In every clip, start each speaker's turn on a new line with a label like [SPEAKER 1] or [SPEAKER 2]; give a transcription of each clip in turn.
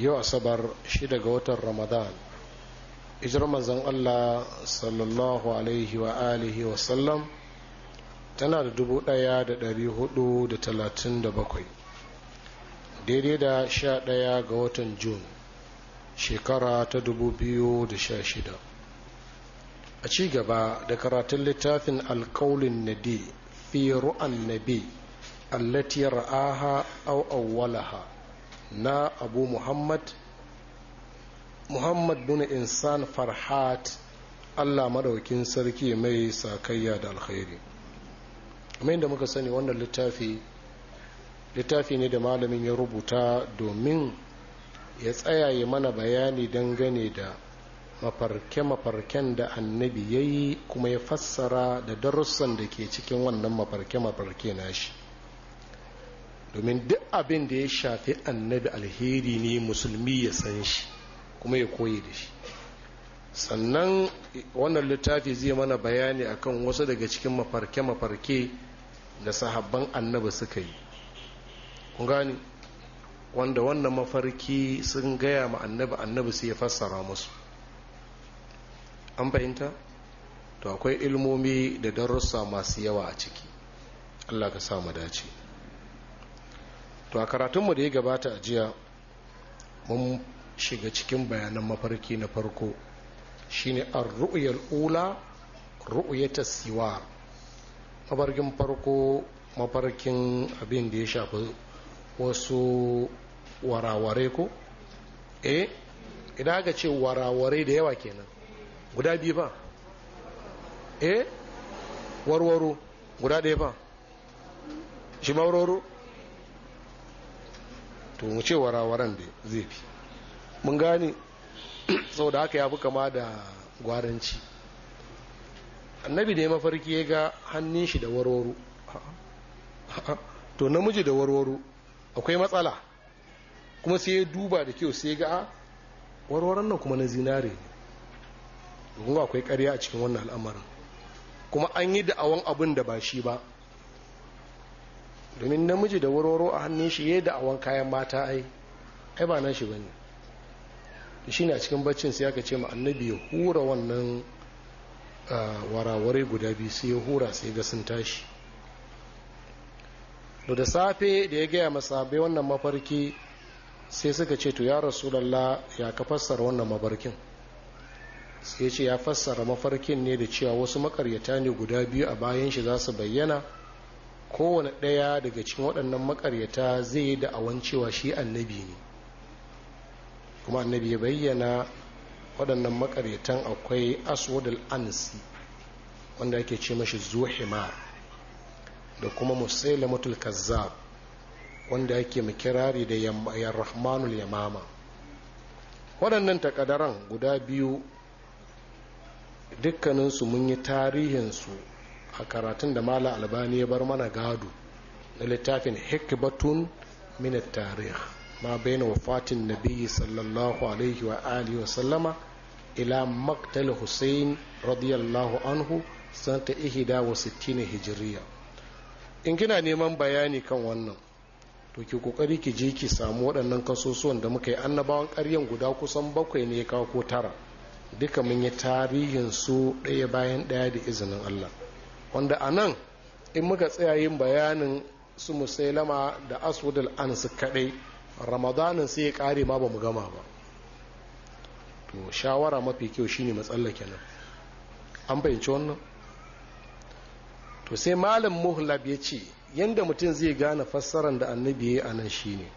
[SPEAKER 1] yau asabar shi daga watan ramadan ijar manzan allah sallallahu alaihi wa alihi wa sallam tana da dubu daya da dari hudu da talatin da bakwai daidai da sha daya ga watan jun shekara ta dubu biyu da sha shida a ci gaba da karatun littafin alkaulin nadi fi ru'an nabi allati ra'aha au awwalaha na abu muhammad muhammad bin insan farhat allah madaukin sarki mai sakayya da alkhairi kamar da muka sani wannan littafi littafi ne da malamin ya rubuta domin ya tsayaye mana bayani dangane da mafarke-mafarken da annabi ya yi kuma ya fassara da darussan da ke cikin wannan mafarke-mafarke nashi domin duk abin da ya shafi annabi alheri ne musulmi ya san shi kuma ya koyi da shi sannan wannan littafi zai mana bayani akan wasu daga cikin mafarke-mafarke da sahabban annabi suka yi kun gani wanda wannan mafarki sun gaya ma annabi annabi sai ya fassara musu an fahimta to akwai ilmomi da darussa masu yawa a ciki allah ka sa mu dace to a karatunmu da ya gabata a jiya mun shiga cikin bayanan mafarki na farko shine an ru'uyar ula ru'yata siwa mafarkin farko mafarkin abin da ya shafi wasu warawarai ko eh idan aka ce waraware da yawa kenan guda biyu ba eh warwaro guda ɗaya ba shi mawaroro to mu ce warawaran da zai fi mun gane saboda haka ya fi kama da gwaranci annabi da ya mafarki ya ga hannun shi da warwaro to namiji da warwaro akwai matsala kuma sai ya duba da kyau sai ya ga warwaron nan kuma na zinare ne kuma akwai karya a cikin wannan al'amarin kuma an yi da awon abin da ba shi ba domin namiji da warwaro a hannun shi ya da awon kayan mata ai ai ba nan bane shi ne a cikin baccin sai aka ce ma annabi ya hura wannan warawarai guda biyu sai ya hura sai ga sun tashi to da safe da ya gaya masahabai wannan mafarki sai suka ce to ya rasulallah ya ka fassara wannan mafarkin sai ce ya fassara mafarkin ne da cewa wasu makaryata ne guda biyu a bayan shi za su bayyana kowane ɗaya daga cikin waɗannan makaryata zai yi da'awan cewa shi annabi ne kuma annabi ya bayyana waɗannan makaryatan akwai aswadul ansi wanda ake ce mashi zuhimar da kuma mutul kazzab wanda ake makirari da rahmanul yamama waɗannan takadaran guda biyu dukkaninsu mun yi tarihinsu a karatun da mala albani ya bar mana gado na littafin hikbatun min tarih ma baina wafatin nabi sallallahu alaihi wa alihi wa sallama ila maktal hussein radiyallahu anhu santa ihida wa sittina hijiriya in kina neman bayani kan wannan to ki kokari ki je ki samu waɗannan kasosuwan da muka yi annabawan ƙaryan guda kusan bakwai ne ya kawo ko tara duka mun yi tarihin su ɗaya bayan ɗaya da izinin Allah wanda a nan in muka tsaya yin bayanin su musailama da aswadul su kaɗai ramadanin sai ya ƙare ma ba mu gama ba to shawara mafi kyau shine matsallake nan an fahimci wannan to sai malam muhlab ya ce yadda mutum zai gane fassarar da annabi ya a nan shine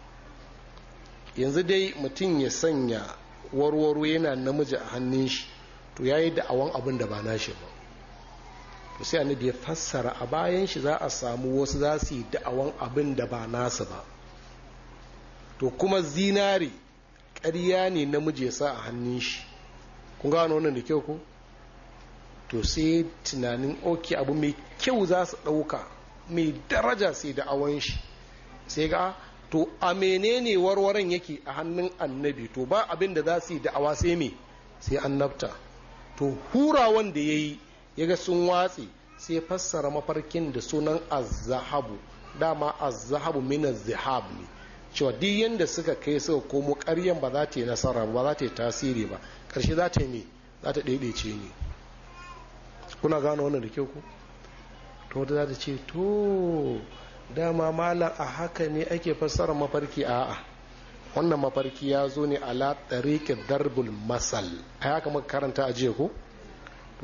[SPEAKER 1] yanzu dai mutum ya sanya warwaro yana namiji a hannun shi to ya yi da'awan abin da ba nashi ba to sai annabi ya fassara a bayan shi za a samu wasu za su yi da'awan abin da ba nasu ba to kuma zinari ƙarya ne namiji ya sa a hannun shi kun gano wannan da kyau ko to sai tunanin oke abu mai kyau za su ɗauka mai daraja sai da'awan shi sai ga to a menene warwaren yake a hannun annabi to ba abin da za su yi da'awa sai me sai annabta to hurawan da ya yi yaga sun watse sai fassara mafarkin da sunan azzahabu dama azzahabu min zihab ne cewa duk yanda suka kai suka komo karyan ba za ta yi nasara ba za ta yi tasiri ba ƙarshe za ta yi ne za ta ɗaiɗaice ne kuna gano wannan da kyau ku to wata za ta ce to dama malam a haka ne ake fassara mafarki a'a wannan mafarki ya zo ne ala tariqi darbul masal a haka muka karanta a jiya ko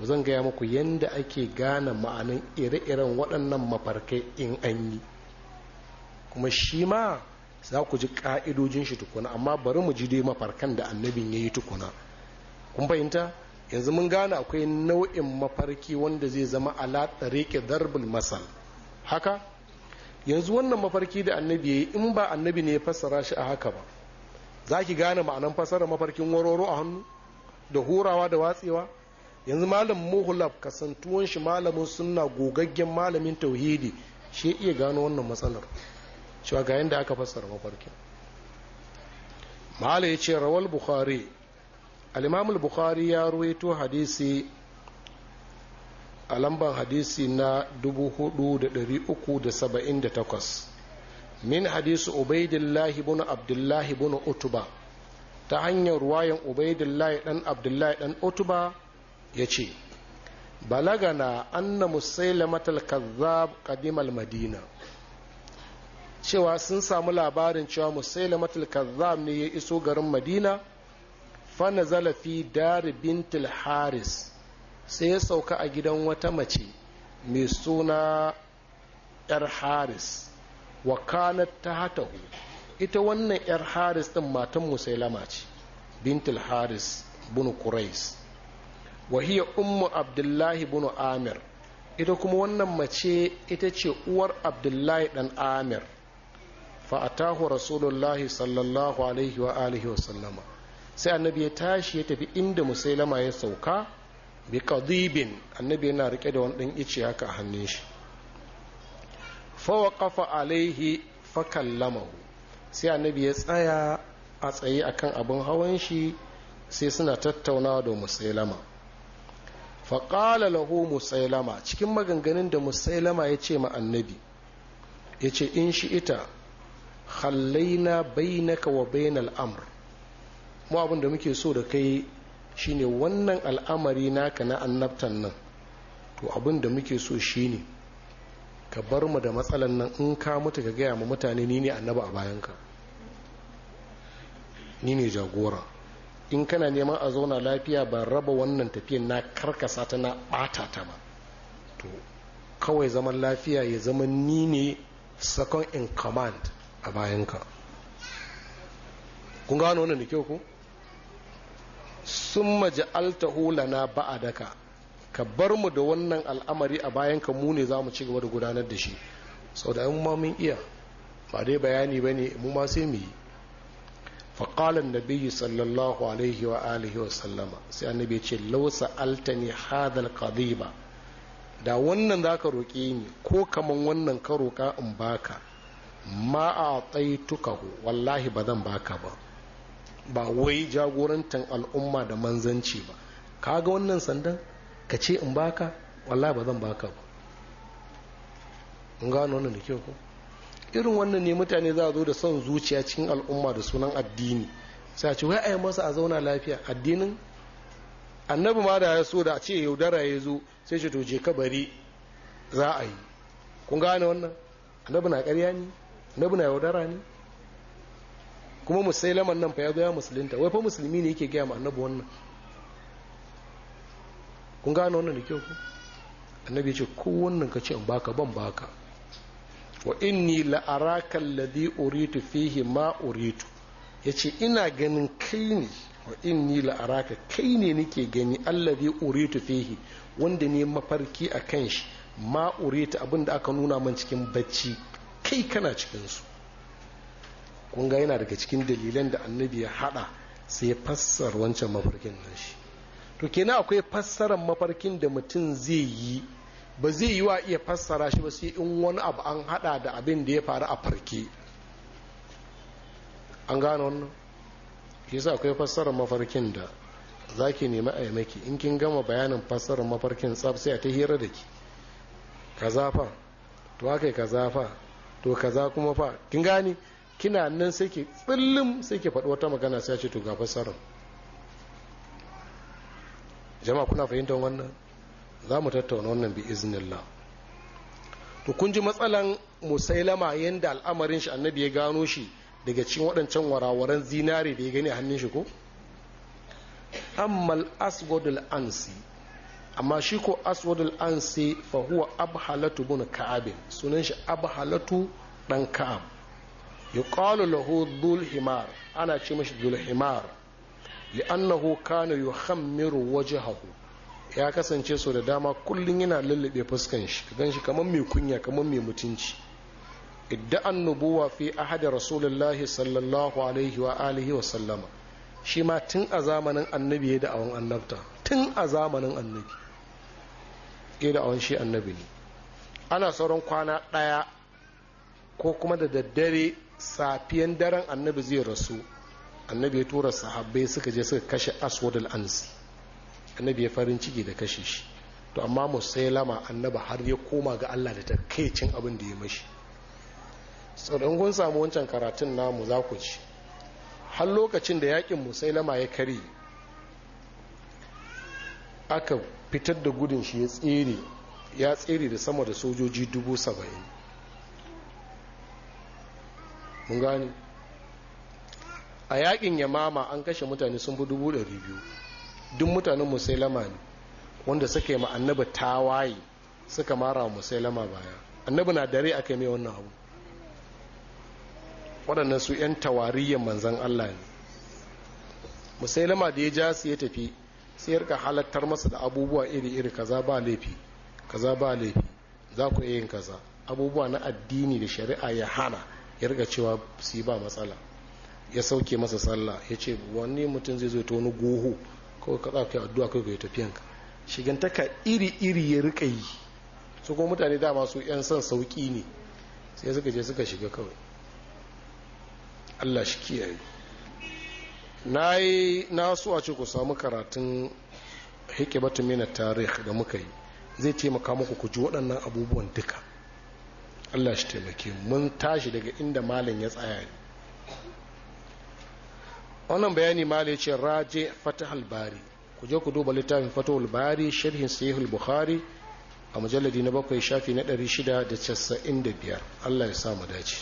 [SPEAKER 1] to zan gaya muku yadda ake gane ma'anin ire-iren waɗannan mafarkai in an yi kuma shi ma za ku ji ƙa'idojin shi tukuna amma bari mu ji dai mafarkan da annabin ya yi tukuna kun fahimta yanzu mun gane akwai nau'in mafarki wanda zai zama ala tsareke darbul masal haka yanzu wannan mafarki da annabi ya yi in ba annabi ne ya fassara shi a haka ba za ki gane ma'anan fassara mafarkin waroro a hannu da hurawa da watsewa yanzu malamin muhulab kasantuwan shi malamin sunna gogaggen malamin tauhidi shi iya gano wannan matsalar cewa ga yadda aka fassara mafarkin mahala ya ce rawal bukhari alimamul bukhari ya ruwaito hadisi a lamban hadisi na 4378 min hadisi ubaidillahi bin abdullahi bin utuba ta hanyar ruwayan Ubaidullahi dan abdullahi dan utuba ya ce balagana anna musailamatal kazzab qadimal madina cewa sun samu labarin cewa musailamatal kazzab ne ya iso garin madina Fana nazala fi dar bintul haris sai ya sauka a gidan wata mace mai suna yar haris wa kanat tahtahu ita wannan yar haris din matan musailama ce bintul haris bin quraish wa hiya ummu abdullahi bin amir ita kuma wannan mace ita ce uwar abdullahi dan amir fa atahu rasulullahi sallallahu alaihi wa alihi wa sallama sai annabi ya tashi ya tafi inda musailama ya sauka bi qadibin annabi yana rike da wani dan ice haka a hannun shi fa waqafa alaihi fa kallamahu sai annabi ya tsaya a tsaye akan abin hawan shi sai suna tattaunawa da musailama faƙala lahu musailama cikin maganganun da musailama ya ce ma annabi ya ce in shi ita hallaina bainaka wa bainal al'amur mu abin da muke so da kai shine wannan al'amari naka na annabtan nan to abin da muke so shine ka bar mu da matsalan nan in ka mutu ka gaya ma mutane ni ne annaba a bayanka ni ne jagora in kana neman a zauna lafiya ban raba wannan tafiyan na karkasa ta na ɓata ta ba to kawai zaman lafiya ya zama ni ne second in command a bayanka kun gano wannan da kyau ku sun na hulana daka ka bar mu da wannan al'amari a bayanka mu ne za mu ci gaba da gudanar da shi sau da ma mun iya ba dai bayani ba ne mu ma sai mu yi da biyu sallallahu alaihi wa alihi wa sallama sai annabi ce lausa altani hadal qadiba da wannan za ka roƙe ni ko kaman wannan ka roƙa in baka ma a tsaitukahu wallahi ba zan ka ba ba wai jagorantar al'umma da manzanci ba ga wannan sandan ka ce in ka? wallahi ba zan baka ba in gano wannan da kyau ko irin wannan ne mutane za a zo da son zuciya cikin al'umma da sunan addini sai a ce wai a yi masa a zauna lafiya addinin annabi ma da ya so da a ce yaudara ya zo sai shi to je kabari za a yi kun gane wannan annabi na ƙarya ne annabi na yaudara ne kuma laman nan fa ya zo ya musulunta wai fa musulmi ne yake gaya ma annabi wannan kun gane wannan da kyau ku annabi ya ce ko wannan ka ce in baka ban baka wa inni la'araka alladhi uritu fihi ma uritu yace ina ganin kai ne wa inni la'araka kai ne nake gani alladhi uritu fihi wanda ne mafarki a kan shi ma uritu abinda aka nuna man cikin bacci kai kana cikin su kun ga yana daga cikin dalilan da annabi ya hada sai fassar wancan mafarkin nan shi to kenan akwai fassarar mafarkin da mutum zai yi ba zai yi wa iya fassara shi ba sai in wani abu an hada da abin da ya faru a farke an gano wannan shi yasa akwai fassarar mafarkin da za ki nemi a yamaki in kin gama bayanin fassarar mafarkin tsab sai a ta hira da ki kaza fa to haka yi kaza fa to kaza kuma fa kin gane kina nan sai ki tsillim sai ki faɗi wata magana sai ce to ga fassarar jama'a kuna fahimtar wannan za mu tattauna wannan bi iznillah to kun ji matsalan musailama yadda al'amarin shi annabi ya gano shi daga cikin waɗancan warawaran zinare da ya gani a hannun shi ko ammal aswadul ansi amma shi ko aswadul ansi fa huwa abhalatu bin ka'abin sunan shi abhalatu dan ka'ab yuqalu lahu dhul himar ana ce mashi dhul himar li'annahu kana yuhammiru wajhahu ya kasance so da dama kullum yana lullube fuskan shi gan shi kamar mai kunya kamar mai mutunci an nubuwa fi ahadi rasulullahi sallallahu alaihi wa alihi wa sallama shi ma tun a zamanin annabi ya da'awan annabta tun a zamanin annabi ya da'awan shi annabi ne ana sauran kwana ɗaya ko kuma da daddare safiyan daren annabi zai rasu annabi ya tura sahabbai suka je suka kashe aswadul ansi annabi ya farin ciki da kashe shi to amma musailama annaba har ya koma ga Allah da takaicin abin da ya mashi tsoron kun samu wancan karatun namu za ku ci har lokacin da yakin lama ya kare aka fitar da gudun shi ya tsere da sama da sojoji dubu saba'in mun gani a yakin yamama an kashe mutane sun fi dubu duk mutanen musailama ne wanda suka yi ma annabi tawaye suka mara musailama baya annabi na dare aka mai wannan abu waɗannan su 'yan tawariyar manzan Allah ne musailama da ya ja su ya tafi sai yarka halattar masa da abubuwa iri-iri kaza ba laifi kaza ba laifi za ku iya yin kaza abubuwa na addini da shari'a ya hana ya cewa su yi ba matsala ya sauke masa sallah ya ce wani mutum zai zo ta wani goho ko ka tsaka kai addu'a kai ka yi tafiyanka shigantaka iri-iri ya rika yi su ko mutane da su 'yan san sauƙi ne sai suka je suka shiga kawai allah shi kiyaye na yi na a ce ku samu karatun hikimatu mena tarih da muka yi zai taimaka muku ku ji waɗannan abubuwan duka allah shi taimake mun tashi daga inda malin ya tsaya ne wannan bayani malai ce raje fatahul bari ku je ku duba littafin al bari sharhin al bukhari a mujalladi na bakwai shafi na 695 Allah ya sa mu dace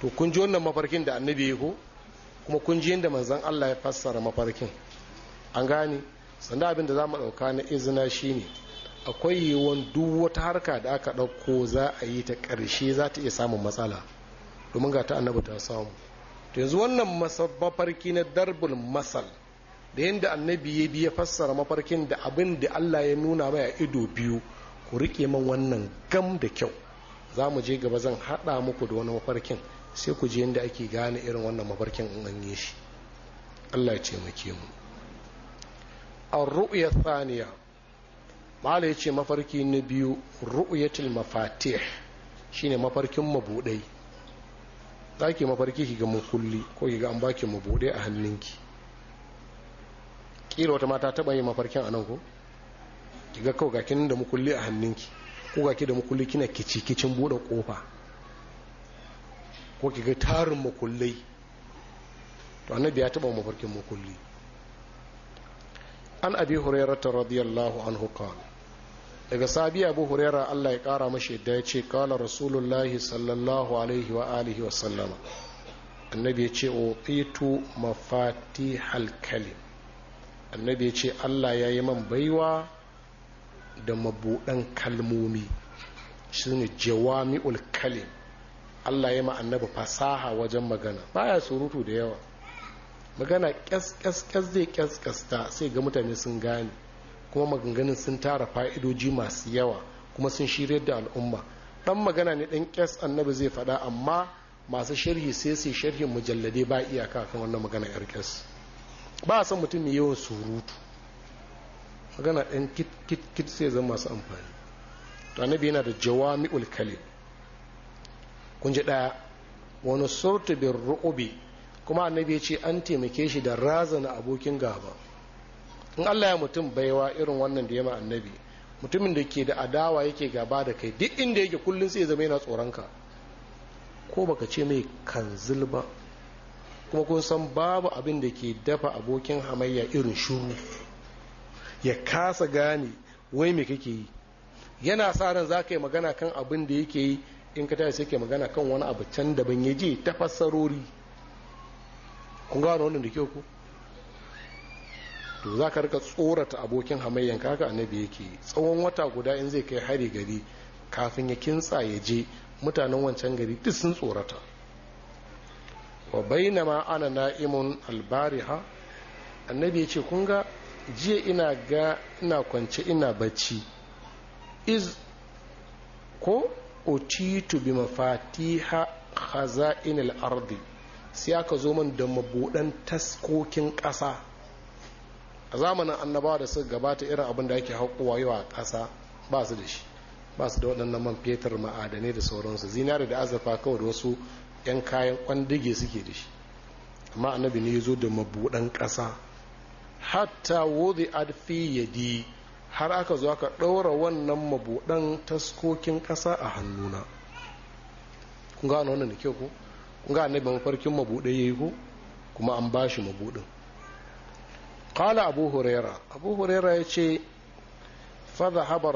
[SPEAKER 1] to kun ji wannan mafarkin da annabi ya ko kuma kun ji yadda manzon Allah ya fassara mafarkin an gane sanda abin da zamu dauka na izina shine akwai yiwuwan duk wata harka da aka dauko za a yi ta karshe za ta iya samun matsala domin ga ta annabi ta samu to yanzu wannan mafarki na darbul masal da yadda annabi ya biya fassara mafarkin da abin da Allah ya nuna mai a ido biyu ku rike man wannan gam da kyau za mu je gaba zan haɗa muku da wani mafarkin sai ku je yadda ake gane irin wannan mafarkin in an yi shi Allah ya taimake mu ar-ru'ya thaniya mala ce mafarki na biyu ru'yatul mafatih shine mafarkin mabuɗai. za ki mafarki ki ga makulli ko ki ga an baki mabuɗe a hannunki ƙila wata mata taɓa yi mafarkin a nan ko ki ga kawai gakin da makulli a hannunki ko gaki da makulli kina kici kicin buɗe kofa ko ki ga tarin makullai to annabi ya taɓa mafarkin makulli an abi hurairata radiyallahu anhu qala daga sabi abu huraira allah ya kara mashi yadda ya ce kala rasulullahi sallallahu alaihi wa alihi wa sallama annabi ya ce o utitu mafati halkalin, annabi ya ce allah ya yi man baiwa da mabuɗan kalmomi shi ne jawami kalim allah ya ma annabi fasaha wajen magana baya surutu da yawa magana kyas zai kyas ta, sai ga mutane sun gane kuma maganganun sun tara fa'idoji masu yawa kuma sun shiryar da al'umma dan magana ne dan kes annabi zai faɗa amma masu sharhi sai sai sharhin mujallade ba iyaka kan wannan magana yar kes ba a san mutum mai yawan surutu magana ɗan kit kit kit sai zama masu amfani to annabi yana da jawami'ul kalim kun ji ɗaya wani surtu bin ru'ubi kuma annabi ya ce an taimake shi da razana abokin gaba in Allah ya mutum baiwa irin wannan da ya annabi mutumin da ke da adawa yake gaba da kai duk inda yake kullum sai zama yana tsoronka ko baka ce mai kanzil ba kuma kun san babu abin da ke dafa abokin hamayya irin shuru ya kasa gane wai me kake yi yana sa ran za ka yi magana kan abin da yake yi in ka tashi sai ke magana kan wani abu can daban ya je ta fassarori kun gano wannan da kyau ko. to za ka rika tsorata abokin hamayyan kaka annabi yake tsawon wata guda in zai kai hari gari kafin ya kintsa ya je mutanen wancan gari duk sun tsorata wa bainama ana na'imun albariha annabi ya ce kun ga jiya ina ga ina kwance ina bacci iz ko otitu bi mafatiha khaza'in al-ardi sai aka zo min da mabudan taskokin ƙasa a zamanin annabawa da suka gabata irin abin da ake haƙuwa yau a ƙasa ba su da shi ba su da waɗannan man fetur ma'adanai da sauransu zinari da azurfa kawai da wasu 'yan kayan kwandige suke da shi amma annabi ne ya zo da mabuɗan ƙasa hatta wudi adfi yadi har aka zo aka ɗaura wannan mabuɗan taskokin ƙasa a hannuna kun gano wannan da kyau ko kun ga annabi mafarkin mabuɗe yayi ko kuma an bashi mabuɗin قال abu huraira abu huraira ya ce رسول haba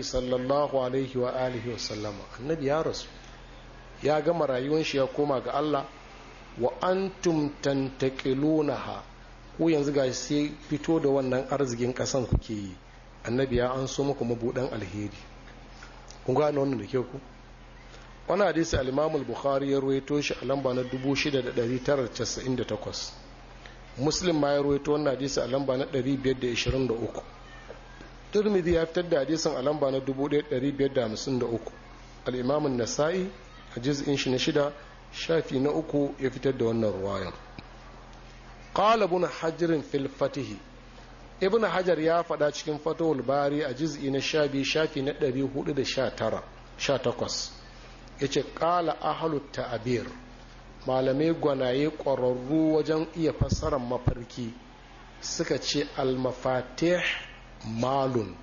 [SPEAKER 1] صلى الله alaihi wa وسلم wa يا annabi ya rasu ya gama rayuwar shi ya koma ga Allah wa antum ku yanzu ga sai fito da wannan arzikin kasan kuke yi annabi ya an so muku mabudan alheri kun gane wannan da ke ku wani hadisi al-imam al-bukhari ya ruwaito shi a lamba na 6998 muslim ma ya rawaito wannan hadisi a lamba na 523 turmidi ya fitar da hadisin a lamba na 1553 al nasai a juz'in shi na shida shafi na uku ya fitar da wannan ruwayan qala ibn hajar fil ibn hajar ya faɗa cikin fatowar bari a jizgi na shabi shafi na 419 ya ce qala ahlut ta'bir malamai gwanaye ƙwararru wajen iya fassarar mafarki suka ce almafatih malun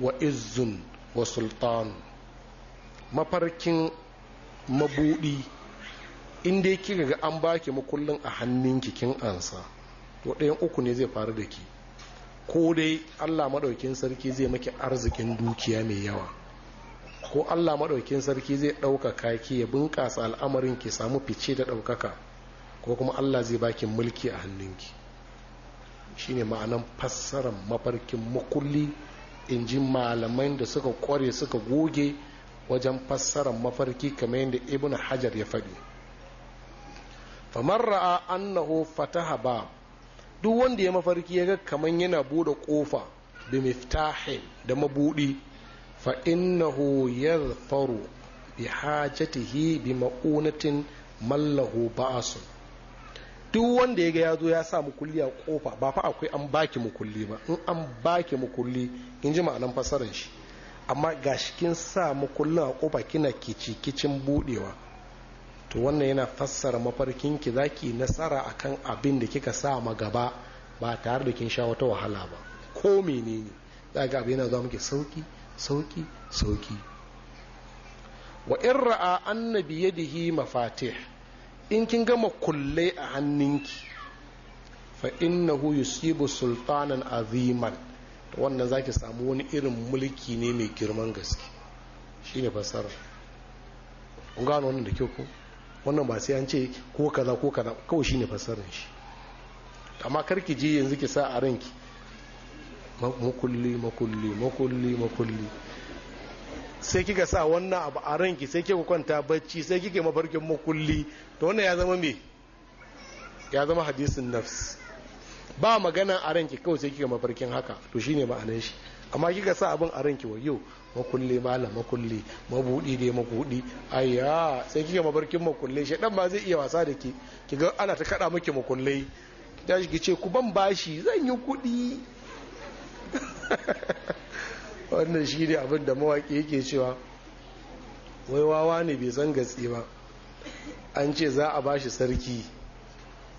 [SPEAKER 1] wa izzun wa sultan mafarkin mabudi inda kika ga an baki makullin a hannunki kin ansa to ɗayan uku ne zai faru da ki ko dai allah maɗaukin sarki zai maki arzikin dukiya mai yawa ko Allah maɗaukin sarki zai ɗaukaka ki ya bunƙasa al'amarin ki samu fice da ɗaukaka ko kuma Allah zai baki mulki a hannunki shine ma'anan fassarar mafarkin makulli in ji malaman da suka kware suka goge wajen fassarar mafarki kamar yadda ibn hajar ya faɗi famar ra'a annahu fataha ba duk wanda ya mafarki ya ga kamar yana buɗe kofa bi miftahin da mabuɗi. fa innahu بحاجته بمؤونة من له ma'unatin mallahu duk wanda ya yazo ya sa mukulli a kofa ba fa akwai an baki mukulli ba in an baki mukulli in ji ma'anan fasarar shi amma ga shi kin sa mukullin a kofa kina kici kicin budewa to wannan yana fassara mafarkin ki zaki nasara akan abin da kika sa ma gaba ba tare da kin sha wata wahala ba ko menene za ga abin yana zuwa muke sauki sauki sauki wa in ra'a annabi yadihi mafatih in kin gama kullai a hannunki fa innahu yusibu sultanan aziman wannan zaki samu wani irin mulki ne mai girman gaske shine fasara kun gano wannan da kyau ko wannan ba sai an ce ko kaza ko kaza kawai shine fasarar shi amma karki je yanzu ki sa a ranki makulli makulli makulli makulli sai kika sa wannan abu a ranki sai kika kwanta bacci sai kika mafarkin makulli to wannan ya zama me ya zama hadisin nafs ba magana a ranki kawai sai kika mafarkin haka to shine ma'anar shi amma kika sa abin a ranki wa yau makulli mala makulli mabudi dai makudi ayya sai kika mafarkin makulli shi dan ba zai iya wasa da ke kiga ana ta kada miki makullai da shi ce ku ban bashi zan yi kuɗi wannan shi ne abin da mawaƙi yake cewa wai wawa ne bai san gatsi ba an ce za a ba shi sarki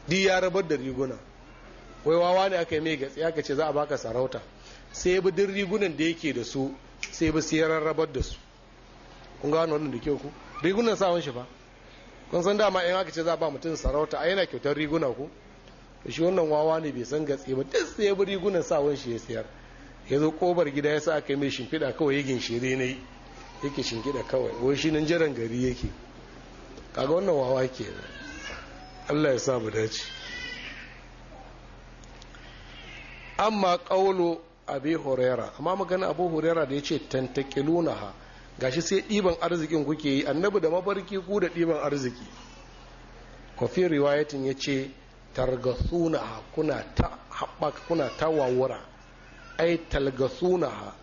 [SPEAKER 1] di ya rabar da riguna wai wawa ne aka yi mai gatsi aka ce za a baka sarauta sai bi duk rigunan da yake da su sai bi sai rarrabar da su kun gano wannan da kyau ku rigunan sawon shi ba kun san dama in aka ce za a ba mutum sarauta a yana kyautar riguna ku shi wannan wawa ne bai san gatsi ba duk sai bi rigunan sawon shi ya siyar. ya zo kobar gida ya sa aka yi mai shimfiɗa kawai yakin shire ne yake shimfiɗa kawai wai shi nan jiran gari yake kaga wannan wawa ke Allah ya sa mu dace amma qawlu abi huraira amma magana abu huraira da yace tantaqilunaha gashi sai ɗiban arzikin kuke yi annabi da mafarki ku da ɗiban arziki kofi riwayatin ya ce targasuna kuna ta haɓaka kuna ta wawura ai talgasunaha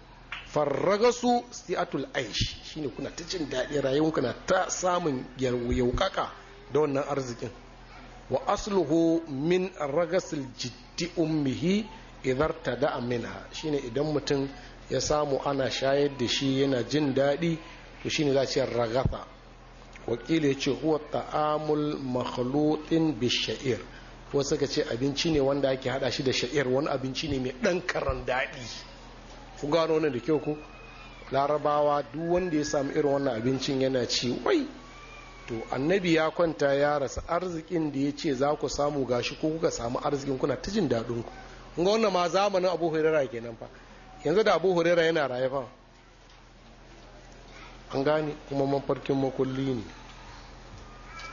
[SPEAKER 1] farragasu si'atul aish shine kuna ta jin daɗi rayuwanku na ta samun yaukaka da wannan arzikin wa asluhu min ragasil jiddi ummihi idar tada minha shine idan mutum ya samu ana shayar da shi yana jin daɗi to shine za a ce ragatha wakili ya ce huwa ta'amul makhlutin bishair wasu ka ce abinci ne wanda ake hada shi da sha'ir wani abinci ne mai dan karan daɗi ku gano wannan da kyau ku larabawa duk wanda ya samu irin wannan abincin yana ci wai to annabi ya kwanta ya rasa arzikin da ya ce za ku samu gashi ko kuka samu arzikin kuna ta jin daɗin ku ga wannan ma zamanin abu hurera kenan fa yanzu da abu hurera yana raye fa an gane kuma mafarkin makulli ne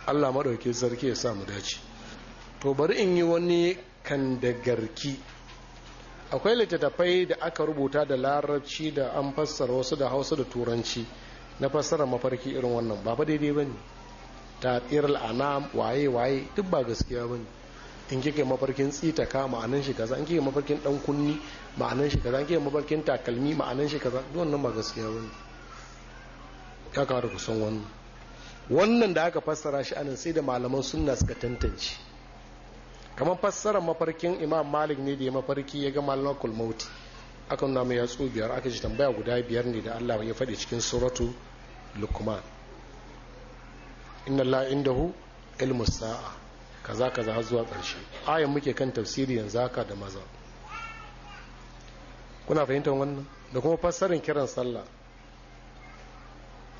[SPEAKER 1] allah maɗauki sarki ya samu dace to bari in yi wani kan da garki akwai littattafai da aka rubuta da larabci da an fassara wasu da hausa da turanci na fassara mafarki irin wannan ba daidai ba ne ta tsirar anam waye waye duk ba gaskiya ba ne in kike mafarkin tsitaka ma'anan shi kaza in kike mafarkin dan kunni ma'anan shi kaza in kike mafarkin takalmi ma'anan shi kaza duk wannan ba gaskiya ba ne ya kawo da kusan wannan wannan da aka fassara shi anan sai da malaman sunna suka tantance kamar fassarar mafarkin imam malik ne da ya mafarki ya ga malakul mauti aka nuna mai yatsu biyar aka ji tambaya guda biyar ne da allah ya faɗi cikin suratu lukman inna la indahu ilmu sa'a kaza kaza har zuwa ƙarshe ayan muke kan tafsiri yanzu haka da maza kuna fahimtar wannan da kuma fassarin kiran sallah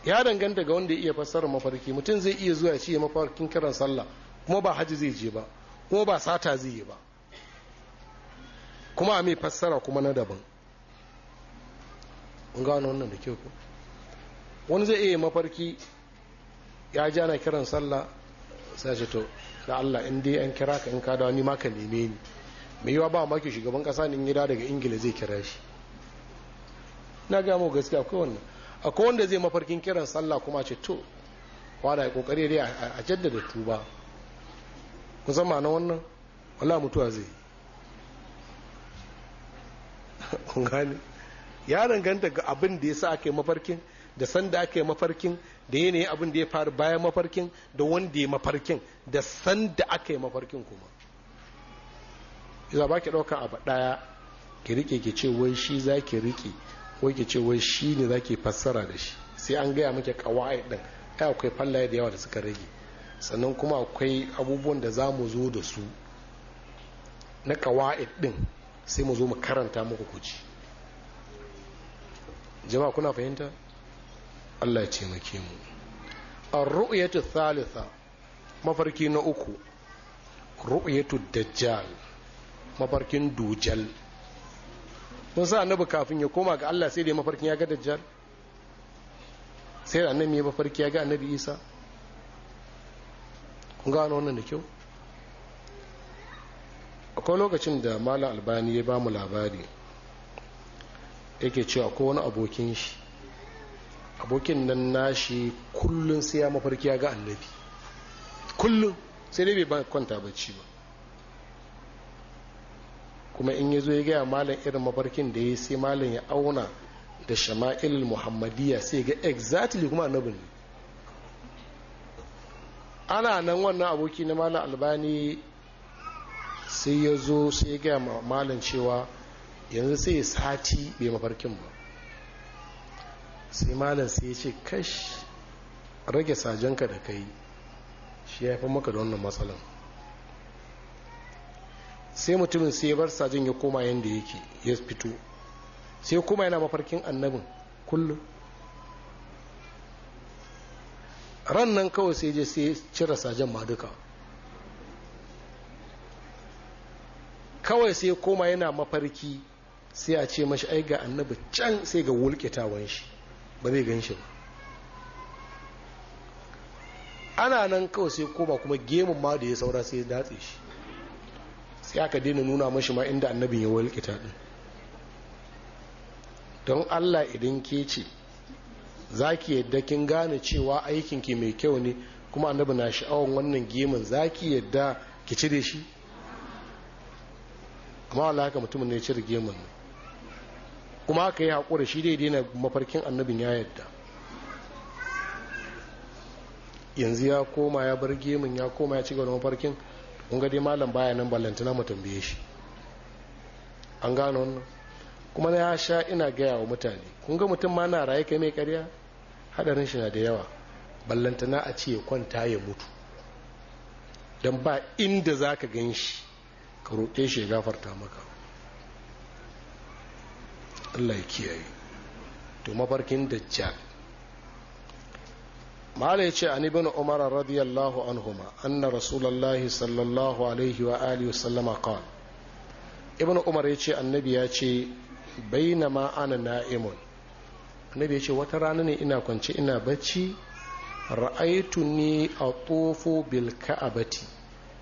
[SPEAKER 1] ya danganta ga wanda ya iya fassarar mafarki mutum zai iya zuwa ya ce mafarkin kiran sallah kuma ba haji zai je ba ko ba sata zai yi ba kuma a mai fassara kuma na daban mun gano wannan da kyau ku wani zai iya mafarki ya ji ana kiran sallah sai ce to da Allah in dai an kira ka in ka dawo ni ma ka neme ni mai yiwa ba maki shugaban kasa ne in gida daga ingila zai kira shi na ga mu gaskiya akwai wannan akwai wanda zai mafarkin kiran sallah kuma ce to wala ya kokari dai a jaddada tuba kun san ma'anar wannan wala mutuwa zai kun gane ya danganta ga abin da ya sa aka yi mafarkin da sanda aka yi mafarkin da yanayi abin da ya faru bayan mafarkin da wanda ya mafarkin da sanda aka yi mafarkin kuma za ba ki ɗauka abu ɗaya ki rike ki ce wai shi za ki rike wai ki ce wai shi ne za ki fassara da shi sai an gaya muke kawai ɗin ai akwai fallaye da yawa da suka rage sannan kuma akwai abubuwan da za mu zo da su na kawa'id din sai mu zo mu karanta muku kuci jama'a kuna fahimta Allah ya taimake mu ar-ru'yatu thalitha mafarki na uku ru'yatu dajjal mafarkin dujal kun sa annabi kafin ya koma ga Allah sai da mafarkin ya ga dajjal sai da annabi ya mafarki ya ga annabi Isa gano wannan da kyau akwai lokacin da malam albani ya ba mu labari yake cewa ko wani abokin shi abokin nan nashi kullum sai ya mafarki ya ga annabi kullum sai dai bai kwanta bacci ba kuma in ya zo ya gaya malam irin mafarkin da ya sai malam ya auna da shama'il muhammadiyya sai ga exactly kuma annabin ne ana nan wannan aboki na malam albani sai ya zo sai ya gaya ma malam cewa yanzu sai ya sati bai mafarkin ba sai malam sai ya ce kash rage sajenka da kai shi ya fi maka da wannan matsalan sai mutumin sai ya bar sajen ya koma yadda yake ya fito sai kuma yana mafarkin annabin kullum ran nan kawai sai je sai cire sajen ma duka kawai sai koma yana mafarki sai a ce mashi ai ga annabi can sai ga wulƙitawan shi ba zai gan shi ba ana nan kawai sai koma kuma gemun ma da ya saura sai ya datse shi sai aka daina nuna mashi ma inda annabin ya walƙita din don allah idan ke ce za ki yadda kin gane cewa aikinki mai kyau ne kuma annabi na sha'awar wannan gemun za ki yadda ki cire shi amma wala haka mutumin ne cire gemun kuma haka yi haƙura shi dai daina mafarkin annabin ya yadda yanzu ya koma ya bar gemun ya koma ya ci gaba da mafarkin kun ga dai malam baya nan ballantana mu tambaye shi an gane wannan kuma na sha ina gaya wa mutane kun ga mutum ma na raye kai mai karya Haɗarin shi na da yawa na a ce ya kwanta ya mutu don ba inda za ka gan shi ka roƙe shi ya gafarta maka Allah ya kiyaye to mafarkin dajjal mala ya ce an ibn umar radiyallahu anhuma anna rasulallahi sallallahu alaihi wa alihi wasallama qala ibn umar ya ce annabi ya ce bainama ana na'imun annabi ya ce wata rana ne ina kwance ina bacci ra'aitu ni a tofo bil ka'abati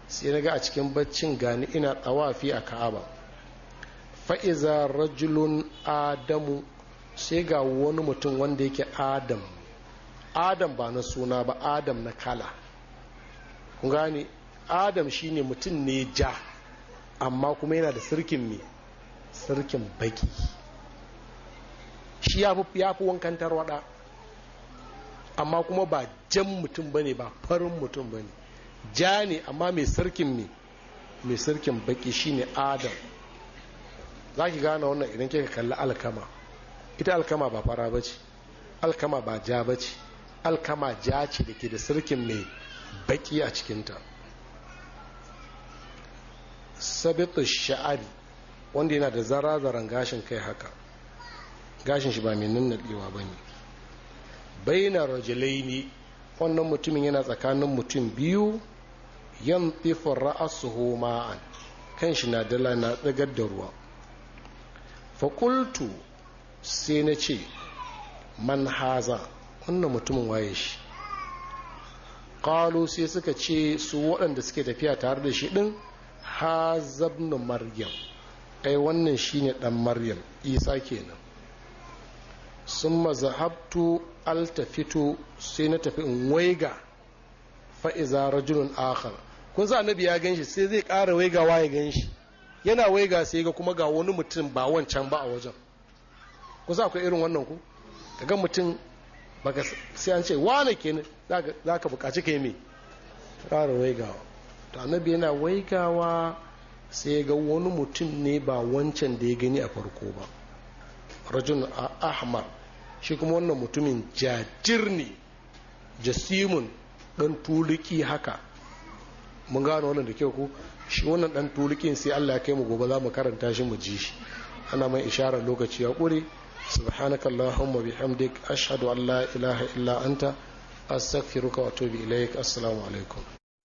[SPEAKER 1] sai naga a cikin baccin gani ina tsawafi a ka'aba fa'iza rajulun adamu sai ga wani mutum wanda yake adam adam ba na suna ba adam na kala kun gani adam shine mutum ne ja amma kuma yana da sirkin me Sarkin baki shi ya fi wankantar wada amma kuma ba jan mutum bane ba farin mutum bane ja ne amma mai sarkin ne mai sarkin baki shine adam za ki gane wannan idan kika kalli alkama ita alkama ba fara ba ce alkama ba ja ba ce alkama ja ce da ke da sarkin mai baki a cikinta sabitu sha'ari wanda yana da zarazaran gashin kai haka gashin shi ba mai nannaɗewa ba ne baina rajulaini wannan mutumin yana tsakanin mutum biyu yan tifin ra'asuhu ma'an kan shi na dala na tsagar da ruwa fakultu sai na ce man haza wannan mutumin waye shi ƙalo sai suka ce su waɗanda suke tafiya tare da shi ɗin hazabnu maryam Kai wannan shine dan maryam isa kenan summa zahabtu altafito sai na tafi in waiga fa rajulun akhar kun sa annabi ya ganshi sai zai ƙara waigawa ya ganshi yana waiga sai ga kuma ga wani mutum ba wancan ba a wajen kun sa akwai irin wannan ku ga mutum baka sai an ce wane kenan ka bukaci yi mai ƙara waigawa to annabi yana waigawa sai ga wani mutum ne ba wancan da ya gani a farko ba rajul ahmar shi kuma wannan mutumin jajir ne jasimun dan tuliki haka mun gano wannan da kyau ko shi wannan ɗan tulikin sai Allah ya kai mu gobe za mu karanta shi mu ji shi ana mai isharar lokaci ya kure سبحانك اللهم وبحمدك أشهد أن لا